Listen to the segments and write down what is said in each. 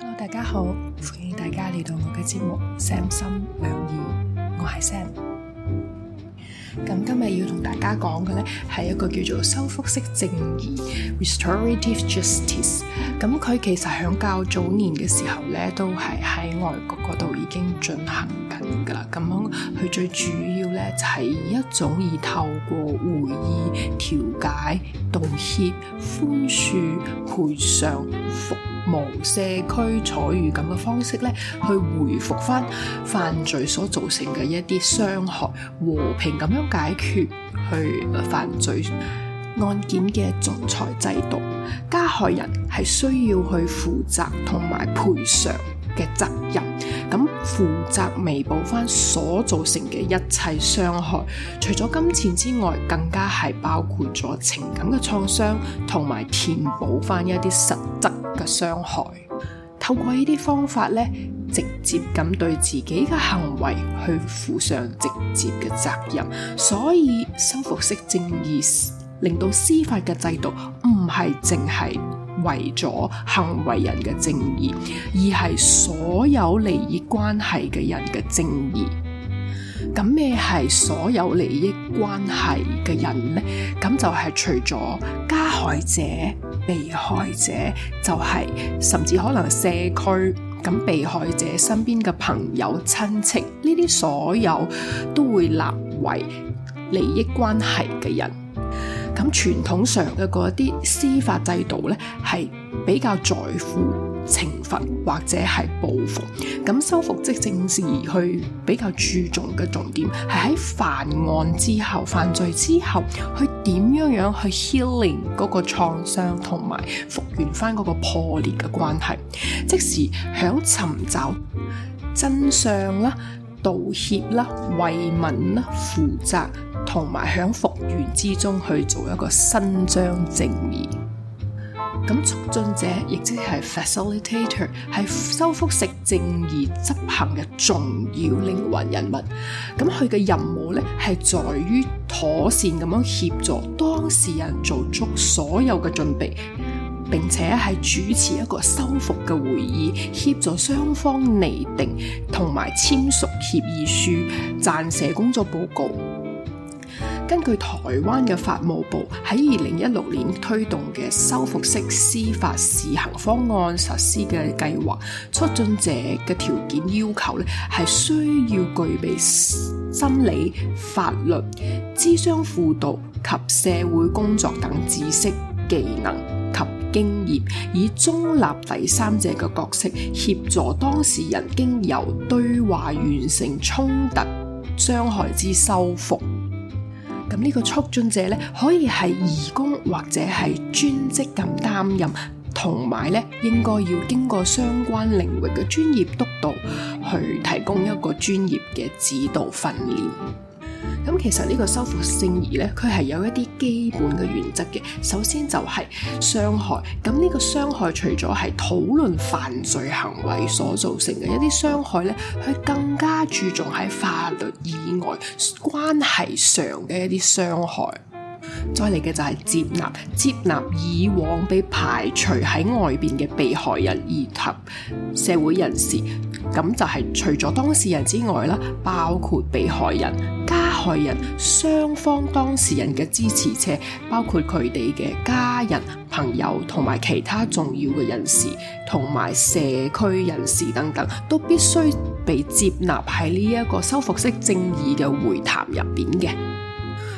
hello，大家好，歡迎大家嚟到我嘅節目《三心兩意》，我，我係 Sam。咁今日要同大家講嘅咧，係一個叫做修復式正義 （restorative justice）。咁佢其實響較早年嘅時候咧，都係喺外國嗰度已經進行緊噶啦。咁樣佢最主要咧就係、是、一種以透過會議調解、道歉、寬恕、賠償、服。無社區處遇咁嘅方式咧，去回復翻犯罪所造成嘅一啲傷害，和平咁樣解決去犯罪案件嘅仲裁制度，加害人係需要去負責同埋賠償嘅責任，咁負責彌補翻所造成嘅一切傷害，除咗金錢之外，更加係包括咗情感嘅創傷，同埋填補翻一啲實質嘅傷害。透過呢啲方法呢，直接咁對自己嘅行為去負上直接嘅責任，所以修復式正義令到司法嘅制度唔係淨係，為咗行為人嘅正義，而係所有利益關係嘅人嘅正義。咁咩係所有利益關係嘅人呢？咁就係除咗加害者、被害者、就是，就係甚至可能社區，咁被害者身邊嘅朋友、親戚，呢啲所有都會立為利益關係嘅人。咁傳統上嘅嗰啲司法制度呢，係比較在乎懲罰或者係報復。咁修復式正義去比較注重嘅重點，係喺犯案之後、犯罪之後，去點樣樣去 healing 嗰個創傷同埋復原返嗰個破裂嘅關係，即係響尋找真相啦、道歉啦、慰問啦、負責。同埋響復原之中去做一個伸張正義，咁促進者亦即係 facilitator，係修復式正義執行嘅重要靈魂人物。咁佢嘅任務呢，係在於妥善咁樣協助當事人做足所有嘅準備，並且係主持一個修復嘅會議，協助雙方擬定同埋簽署協議書、撰寫工作報告。根據台灣嘅法務部喺二零一六年推動嘅修復式司法試行方案實施嘅計劃，促進者嘅條件要求咧，係需要具備心理、法律、諮商輔導及社會工作等知識、技能及經驗，以中立第三者嘅角色協助當事人經由對話完成衝突傷害之修復。呢個促進者咧，可以係義工或者係專職咁擔任，同埋咧應該要經過相關領域嘅專業督導，去提供一個專業嘅指導訓練。咁其實呢個修復性義咧，佢係有一啲基本嘅原則嘅。首先就係傷害，咁、這、呢個傷害除咗係討論犯罪行為所造成嘅一啲傷害咧，佢更加注重喺法律以外關係上嘅一啲傷害。再嚟嘅就係接納接納以往被排除喺外邊嘅被害人以及社會人士，咁就係除咗當事人之外啦，包括被害人害人雙方當事人嘅支持者，包括佢哋嘅家人、朋友同埋其他重要嘅人士，同埋社區人士等等，都必須被接納喺呢一個修復式正義嘅會談入邊嘅。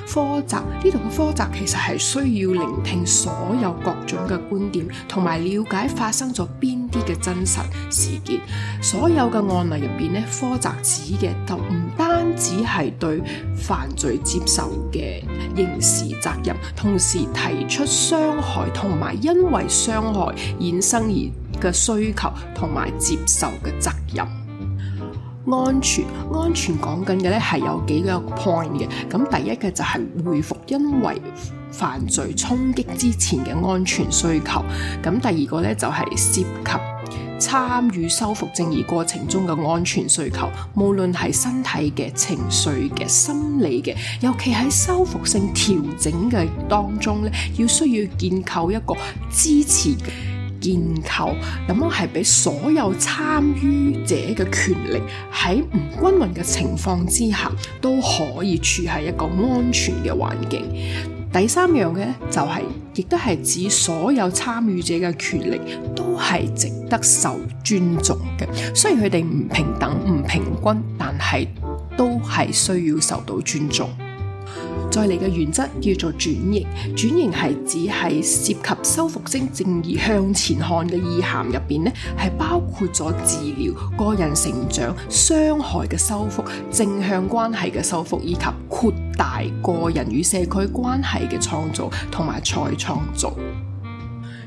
課責呢度嘅課責其實係需要聆聽所有各種嘅觀點，同埋了解發生咗邊啲嘅真實事件。所有嘅案例入邊咧，課責指嘅就唔單。只係對犯罪接受嘅刑事責任，同時提出傷害同埋因為傷害衍生而嘅需求同埋接受嘅責任。安全安全講緊嘅咧係有幾個 point 嘅，咁第一個就係回復因為犯罪衝擊之前嘅安全需求，咁第二個咧就係涉及。參與修復正義過程中嘅安全需求，無論係身體嘅、情緒嘅、心理嘅，尤其喺修復性調整嘅當中咧，要需要建構一個支持嘅建構，咁我係俾所有參與者嘅權力喺唔均匀嘅情況之下，都可以處喺一個安全嘅環境。第三樣嘅就係、是，亦都係指所有參與者嘅權利都係值得受尊重嘅。雖然佢哋唔平等、唔平均，但係都係需要受到尊重。再嚟嘅原則叫做轉型，轉型係指係涉及修復性正義向前看嘅意涵入面呢，咧，係包括咗治療、個人成長、傷害嘅修復、正向關係嘅修復，以及擴大個人與社區關係嘅創造同埋再創造。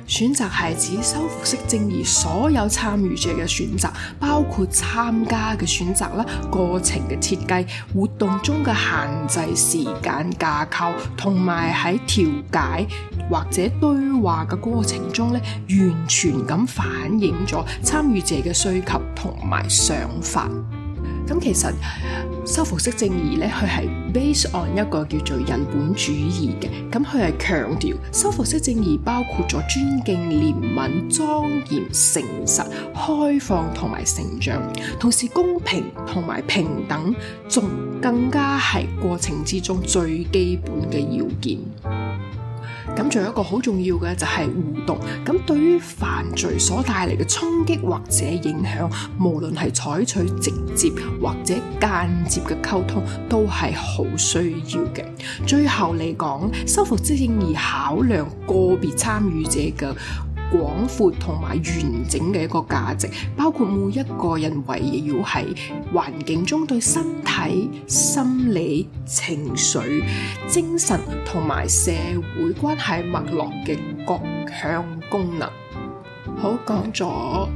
選擇係指修復式正義所有參與者嘅選擇，包括參加嘅選擇啦，過程嘅設計，活動中嘅限制時間架構，同埋喺調解或者對話嘅過程中咧，完全咁反映咗參與者嘅需求同埋想法。其實修復式正義呢，佢係 based on 一個叫做人本主義嘅。咁佢係強調修復式正義包括咗尊敬、憐憫、莊嚴、誠實、開放同埋成長，同時公平同埋平等，仲更加係過程之中最基本嘅要件。咁仲有一個好重要嘅，就係互動，咁對於犯罪所帶嚟嘅衝擊或者影響，無論係採取直接或者間接嘅溝通，都係好需要嘅。最後嚟講，修復式正義而考量個別參與者嘅。廣闊同埋完整嘅一個價值，包括每一個人圍繞喺環境中對身體、心理、情緒、精神同埋社會關係脈絡嘅各項功能。好，講咗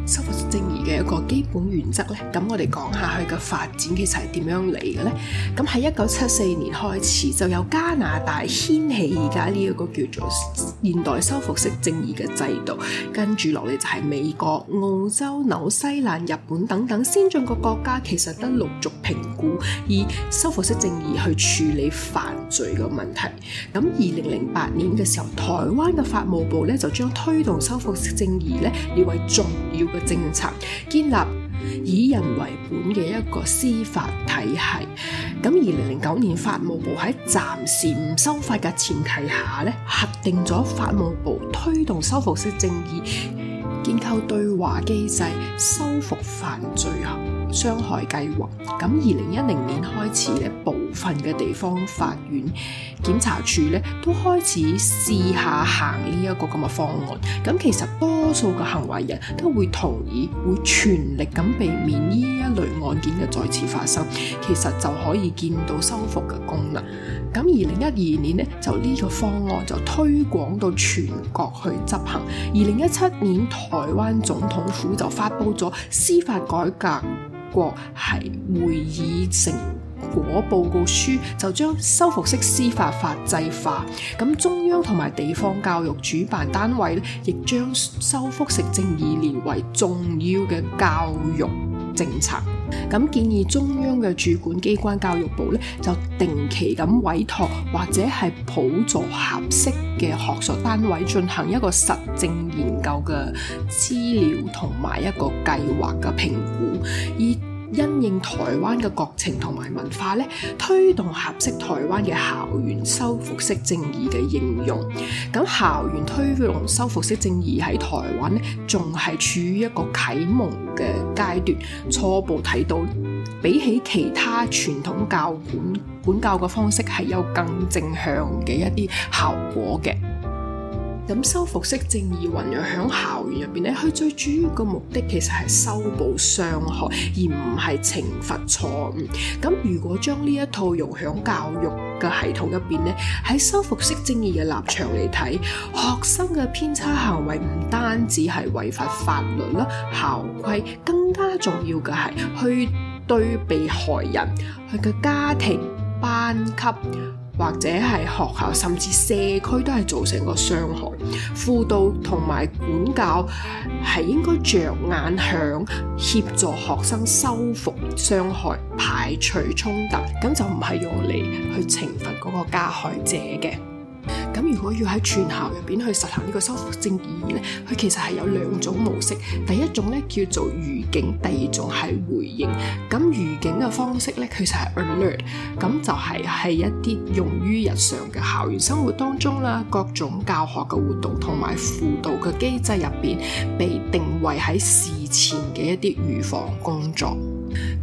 修復式正義嘅一個基本原則呢，咁我哋講下去嘅發展其實係點樣嚟嘅呢？咁喺一九七四年開始，就由加拿大掀起而家呢一個叫做現代修復式正義嘅制度，跟住落嚟就係美國、澳洲、紐西蘭、日本等等先進嘅國家，其實都陸續評估以修復式正義去處理犯罪嘅問題。咁二零零八年嘅時候，台灣嘅法務部呢，就將推動修復式正義列為重要嘅政策，建立以人為本嘅一個司法體系。咁，二零零九年法務部喺暫時唔修法嘅前提下咧，核定咗法務部推動修復式正義、建構對話機制、修復犯罪後傷害計劃。咁，二零一零年開始嘅部分嘅地方法院、檢察處咧，都開始試下行呢一個咁嘅方案。咁其實多數嘅行為人都會同意，會全力咁避免呢一類案件嘅再次發生。其實就可以見到修復嘅功能。咁二零一二年咧，就呢個方案就推廣到全國去執行。二零一七年，台灣總統府就發布咗司法改革國是會議成果報告書就將修復式司法法制化，咁中央同埋地方教育主辦單位咧，亦將修復式正義列為重要嘅教育政策。咁建議中央嘅主管機關教育部咧，就定期咁委託或者係輔助合適嘅學術單位進行一個實證研究嘅資料同埋一個計劃嘅評估。而因應台灣嘅國情同埋文化呢，推動合適台灣嘅校園修復式正義嘅應用。咁校園推動修復式正義喺台灣呢，仲係處於一個啟蒙嘅階段，初步睇到比起其他傳統教管管教嘅方式，係有更正向嘅一啲效果嘅。咁修復式正義運用喺校園入面呢，咧，佢最主要個目的其實係修補傷害，而唔係懲罰錯誤。咁如果將呢一套用喺教育嘅系統入面呢，咧，喺修復式正義嘅立場嚟睇，學生嘅偏差行為唔單止係違反法，法律啦、校規，更加重要嘅係去對被害人佢嘅家庭、班級。或者係學校，甚至社區都係造成過傷害。輔導同埋管教係應該着眼向協助學生修復傷害、排除衝突，咁就唔係用嚟去懲罰嗰個加害者嘅。咁如果要喺全校入邊去實行呢個修復正義咧，佢其實係有兩種模式。第一種咧叫做預警，第二種係回應。咁、嗯、預警嘅方式咧，其實係 alert。咁就係係一啲用於日常嘅校園生活當中啦，各種教學嘅活動同埋輔導嘅機制入邊，被定位喺事前嘅一啲預防工作。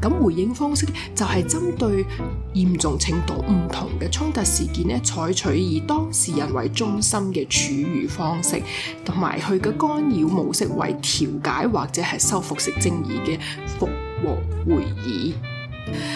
咁回應方式就係針對嚴重程度唔同嘅衝突事件咧，採取以當事人為中心嘅處理方式，同埋佢嘅干擾模式為調解或者係修復式正義嘅復和會議。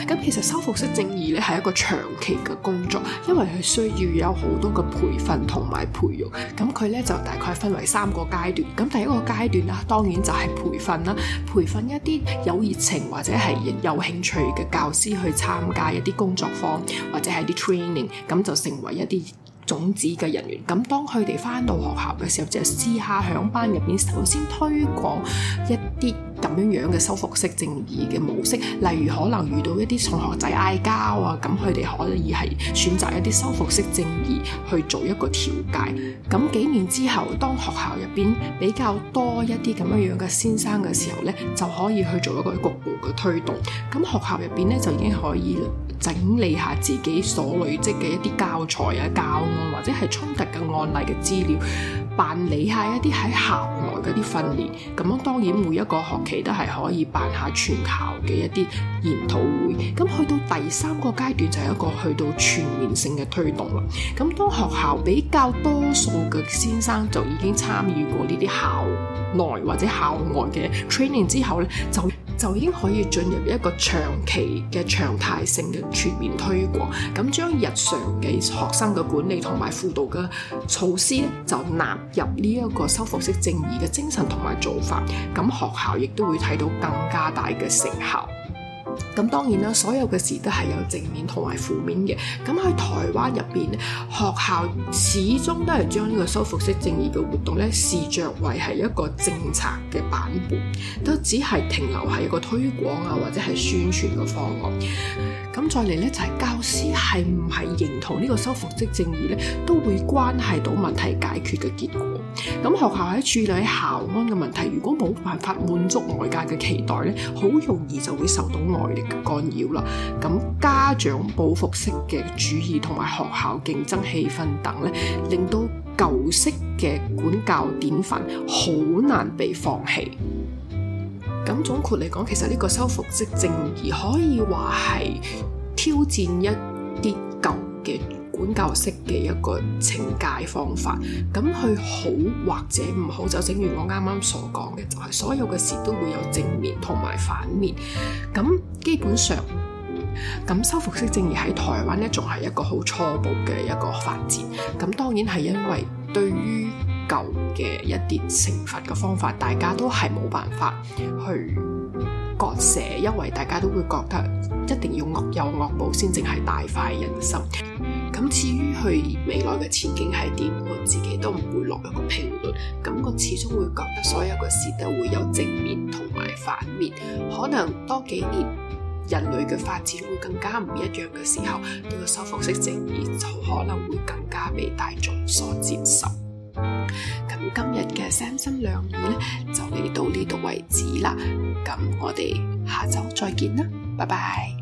咁其實修復式正義咧係一個長期嘅工作，因為佢需要有好多嘅培訓同埋培育。咁佢咧就大概分為三個階段。咁第一個階段啦，當然就係培訓啦，培訓一啲有熱情或者係有興趣嘅教師去參加一啲工作坊或者係啲 training，咁就成為一啲種子嘅人員。咁當佢哋翻到學校嘅時候，就係私下響班入邊首先推廣一。啲咁樣樣嘅修復式正義嘅模式，例如可能遇到一啲同學仔嗌交啊，咁佢哋可以係選擇一啲修復式正義去做一個調解。咁幾年之後，當學校入邊比較多一啲咁樣樣嘅先生嘅時候呢，就可以去做一個局部嘅推動。咁學校入邊呢，就已經可以整理下自己所累積嘅一啲教材啊、教案或者係衝突嘅案例嘅資料。辦理下一啲喺校內嗰啲訓練，咁樣當然每一個學期都係可以辦下全校嘅一啲研討會。咁去到第三個階段就係一個去到全面性嘅推動啦。咁當學校比較多數嘅先生就已經參與過呢啲校內或者校外嘅 training 之後呢，就，就已經可以進入一個長期嘅常態性嘅全面推廣，咁將日常嘅學生嘅管理同埋輔導嘅措施呢就納入呢一個修復式正義嘅精神同埋做法，咁學校亦都會睇到更加大嘅成效。咁當然啦，所有嘅事都係有正面同埋負面嘅。咁喺台灣入邊，學校始終都係將呢個修復式正義嘅活動咧，視著為係一個政策嘅版本，都只係停留喺一個推廣啊，或者係宣傳嘅方案。咁再嚟咧，就係教師係唔係認同呢個修復式正義咧，都會關係到問題解決嘅結果。咁學校喺處理校安嘅問題，如果冇辦法滿足外界嘅期待咧，好容易就會受到外力嘅干擾啦。咁家長報復式嘅主義同埋學校競爭氣氛等咧，令到舊式嘅管教典範好難被放棄。咁總括嚟講，其實呢個修復式正義可以話係挑戰一啲舊嘅。本教式嘅一個懲戒方法，咁佢好或者唔好就正如我啱啱所講嘅，就係所、就是、所有嘅事都會有正面同埋反面。咁基本上，咁修復式正義喺台灣呢仲係一個好初步嘅一個發展。咁當然係因為對於舊嘅一啲懲罰嘅方法，大家都係冇辦法去割捨，因為大家都會覺得一定要惡有惡報先正係大快人心。咁至於佢未來嘅前景係點，我自己都唔會落一個評論。咁我始終會覺得所有嘅事都會有正面同埋反面。可能多幾年人類嘅發展會更加唔一樣嘅時候，呢個修復式正義就可能會更加被大眾所接受。咁今日嘅三心兩意咧就嚟到呢度為止啦。咁我哋下週再見啦，拜拜。